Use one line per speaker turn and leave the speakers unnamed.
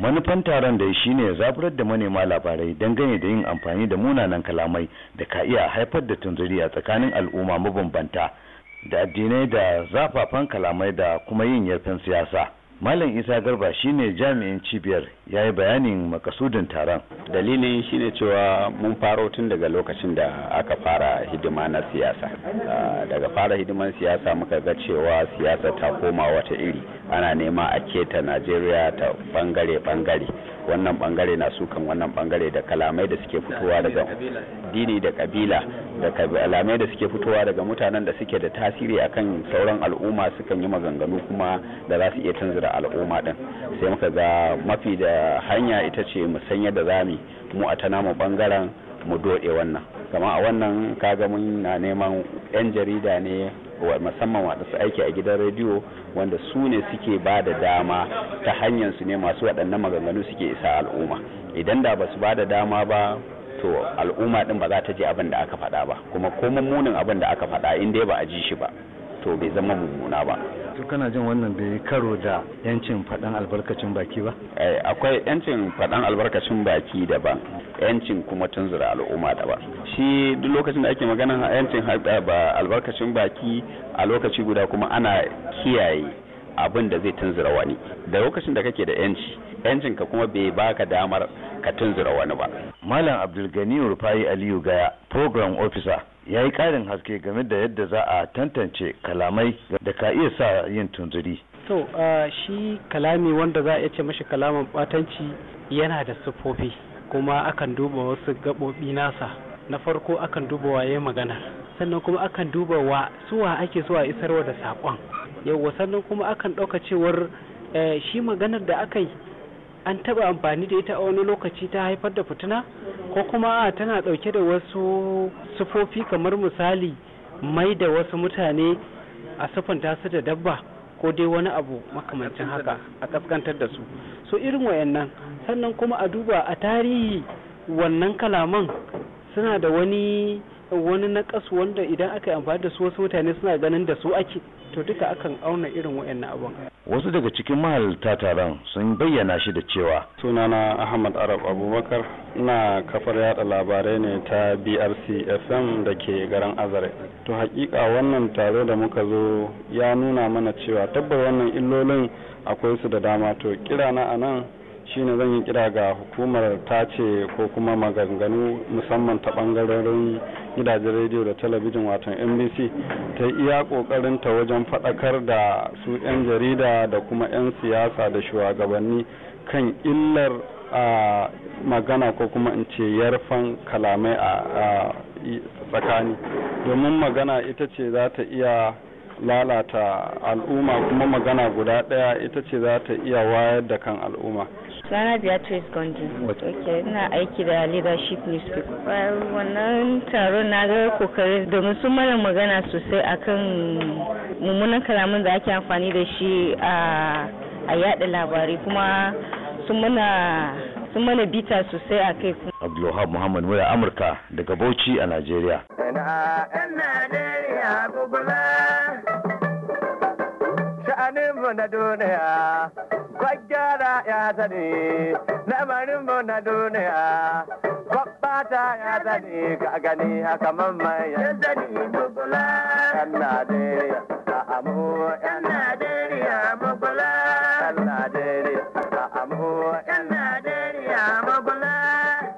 manufan taron da shi ne zaburar da manema labarai dangane da yin amfani da munanan kalamai da ka iya haifar da tunzuri a tsakanin al'umma mabambanta da addinai da zafafan kalamai da kuma yin yarfin siyasa Malam Isa Garba shine jami'in cibiyar ya yi bayanin makasudin taron. Dalilin shine cewa mun faro tun daga
lokacin da aka fara hidima na siyasa. Ah, daga fara hidiman siyasa muka ga cewa siyasa ta koma wata iri ana nema a keta Najeriya ta bangare-bangare. wannan bangare na sukan wannan bangare da kalamai da suke fitowa daga dini da kabila da kalamai da suke fitowa daga mutanen da suke da tasiri akan sauran al'umma sukan yi maganganu kuma da za su iya canzura al'umma din sai muka ga mafi da hanya ita ce mu sanya da zami mu a ta mu bangaren mu doɗe wannan kama a wannan kaga mun na neman 'yan jarida ne musamman su aiki a gidan rediyo wanda su ne suke ba da dama ta hanyar su ne masu waɗannan maganganu suke isa al'umma idan da ba su ba da dama ba to al'umma din ba za ta ji abin da aka faɗa ba kuma ko munin abin da aka faɗa in dai ba a ji shi ba to bai zama mummuna ba
to kana jin wannan bai karo da yancin faɗan albarkacin baki ba
eh, akwai yancin faɗan albarkacin baki daban yancin kuma tunzura al'umma daban shi duk lokacin da ake magana yancin ba albarkacin baki a lokaci guda kuma ana kiyaye abin da zai tunzura wani da lokacin da kake da yanci
yancin ka kuma bai baka damar ka tunzura wani ba malam abdulgani rufai aliyu gaya program officer ya yi ƙarin haske game da yadda za a tantance kalamai da ka iya sa yin tunzuri.
To shi kalami wanda za a ce mashi kalaman batanci yana da siffofi kuma akan duba wasu gaɓoɓi nasa na farko akan duba waye magana sannan kuma akan duba wa suwa ake so a isarwa da saƙon yauwa sannan kuma akan ɗauka cewar eh, shi maganar da aka yi an taɓa amfani da ita a wani lokaci ta haifar da fitina ko kuma tana ɗauke da wasu sufofi kamar misali mai da wasu mutane a siffanta su da dabba ko dai wani abu makamancin haka a kaskantar da su so irin wayannan sannan kuma a duba a tarihi wannan kalaman suna da wani wani naƙas wanda idan aka yi amfani da su wasu mutane suna ganin da su ake to duka akan auna irin waɗannan abun
wasu daga cikin mahalarta taron sun bayyana shi da cewa sunana ahmad arab abubakar na kafar yada labarai ne ta
brc fm da ke garin azare to hakika wannan taro da muka zo ya nuna mana cewa tabbar wannan illolin akwai su da dama to kira na anan shine zan yi kira ga hukumar ta ce ko kuma maganganu musamman ta bangarorin gidajen rediyo da talabijin watan nbc ta iya kokarinta wajen faɗakar da su 'yan jarida da kuma 'yan siyasa da shugabanni kan illar a magana ko kuma in ce yarfan kalamai a tsakani domin magana ita ce za ta iya lalata al'umma kuma magana guda ɗaya ita ce za ta iya wayar da kan al'umma
Sana Beatrice Gondi. Okay, ina aiki da leadership newspaper. Wannan taron na ga kokari domin sun mana magana sosai akan mummunan kalamin da ake amfani da shi a yada labarai kuma sun mana sun mana bita sosai a kai kuma.
abdullahi Muhammad Mura Amurka daga Bauchi a Najeriya. lamarinmu na duniya kwaggara ya sani lamarinmu na duniya babbata ya sani ka gani haka mamman ya sani dubula yana da ya amu yana